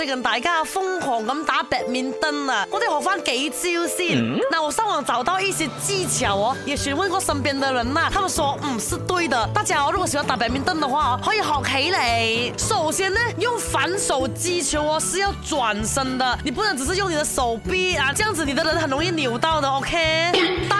最近大家瘋狂咁打 Badminton 啊！我哋學翻幾招先。嗱、嗯，那我上網找到一些技巧哦、啊，也詢問過身邊的人啦、啊。他們說，嗯，是對的。大家如果喜歡打 Badminton 的話，可以學起嚟。首先呢，用反手擊球哦，是要轉身的，你不能只是用你的手臂啊，這樣子你的人很容易扭到的。OK、嗯。